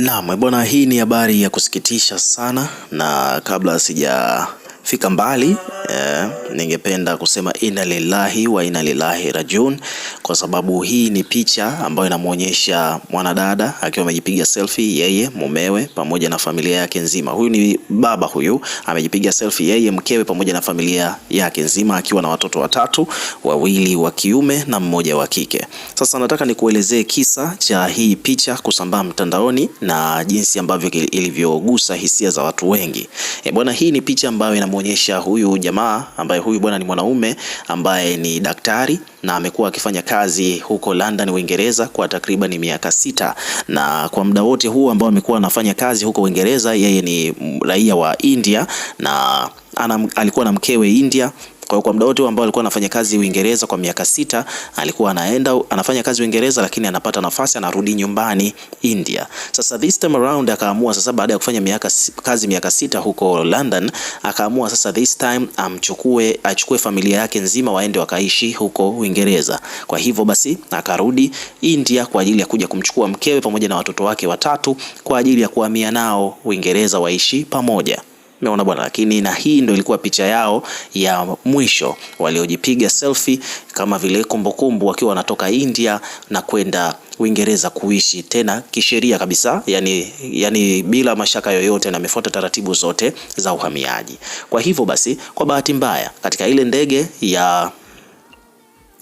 Naam, bwana, hii ni habari ya kusikitisha sana, na kabla sijafika mbali eh, ningependa kusema inna lillahi wa inna lillahi rajiun, kwa sababu hii ni picha ambayo inamwonyesha mwanadada akiwa amejipiga selfie yeye, mumewe pamoja na familia yake nzima. Huyu ni baba, huyu amejipiga selfie yeye, mkewe pamoja na familia yake nzima, akiwa na watoto watatu, wawili wa kiume na mmoja wa kike. Sasa nataka nikuelezee kisa cha hii picha kusambaa mtandaoni na jinsi ambavyo ilivyogusa hisia za watu wengi. E, bwana, hii ni picha ambayo inamwonyesha huyu jamaa jamaa ambaye huyu bwana ni mwanaume ambaye ni daktari na amekuwa akifanya kazi huko London Uingereza kwa takriban miaka sita, na kwa muda wote huu ambao amekuwa anafanya kazi huko Uingereza, yeye ni raia wa India na ana, alikuwa na mkewe India kwa hiyo kwa muda wote ambao alikuwa anafanya kazi Uingereza kwa miaka sita, alikuwa anaenda anafanya kazi Uingereza, lakini anapata nafasi anarudi nyumbani India. Sasa this time around akaamua sasa, baada ya kufanya miaka kazi miaka sita huko London, akaamua sasa this time amchukue achukue familia yake nzima waende wakaishi huko Uingereza. Kwa hivyo basi akarudi India kwa ajili ya kuja kumchukua mkewe pamoja na watoto wake watatu kwa ajili ya kuhamia nao Uingereza waishi pamoja. Umeona bwana, lakini na hii ndo ilikuwa picha yao ya mwisho waliojipiga selfie kama vile kumbukumbu wakiwa wanatoka India na kwenda Uingereza kuishi tena kisheria kabisa, yani, yani bila mashaka yoyote na amefuata taratibu zote za uhamiaji. Kwa hivyo basi, kwa bahati mbaya katika ile ndege ya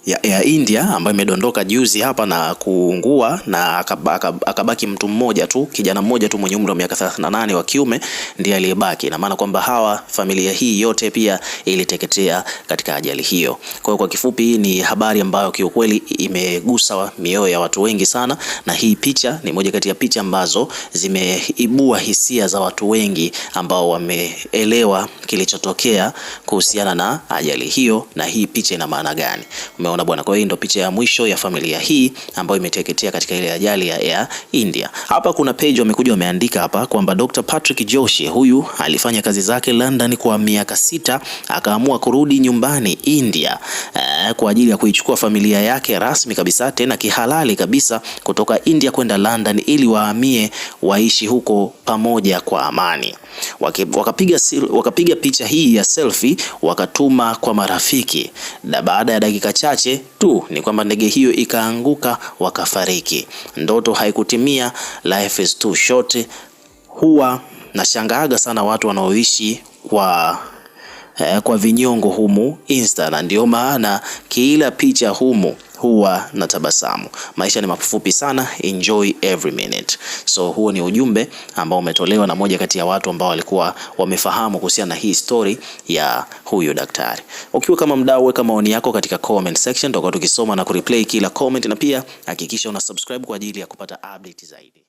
ya, ya India ambayo imedondoka juzi hapa na kuungua na akabaki mtu mmoja tu kijana mmoja tu mwenye umri wa miaka 38 wa kiume ndiye aliyebaki. Ina maana kwamba hawa familia hii yote pia iliteketea katika ajali hiyo. Kwa hiyo kwa kifupi, ni habari ambayo kiukweli imegusa mioyo ya watu wengi sana, na hii picha ni moja kati ya picha ambazo zimeibua hisia za watu wengi ambao wameelewa kilichotokea kuhusiana na ajali hiyo na hii picha ina maana gani. Umeona bwana, kwa hiyo ndio picha ya mwisho ya familia hii ambayo imeteketea katika ile ajali ya Air India. Hapa kuna page wamekuja wameandika hapa kwamba Dr. Patrick Joshi huyu alifanya kazi zake London kwa miaka sita, akaamua kurudi nyumbani India eh, kwa ajili ya kuichukua familia yake rasmi kabisa tena kihalali kabisa kutoka India kwenda London ili waamie waishi huko pamoja kwa amani. Wakapiga wakapiga picha hii ya selfie wakatuma kwa marafiki na baada ya dakika chache machache tu ni kwamba ndege hiyo ikaanguka wakafariki. Ndoto haikutimia, life is too short. Huwa nashangaaga sana watu wanaoishi kwa eh, kwa vinyongo humu Insta, na ndio maana kila picha humu huwa na tabasamu. Maisha ni mafupi sana, enjoy every minute. So huo ni ujumbe ambao umetolewa na moja kati ya watu ambao walikuwa wamefahamu kuhusiana na hii story ya huyu daktari. Ukiwa kama mdau, weka maoni yako katika comment section, tutakuwa tukisoma na kureplay kila comment, na pia hakikisha una subscribe kwa ajili ya kupata update zaidi.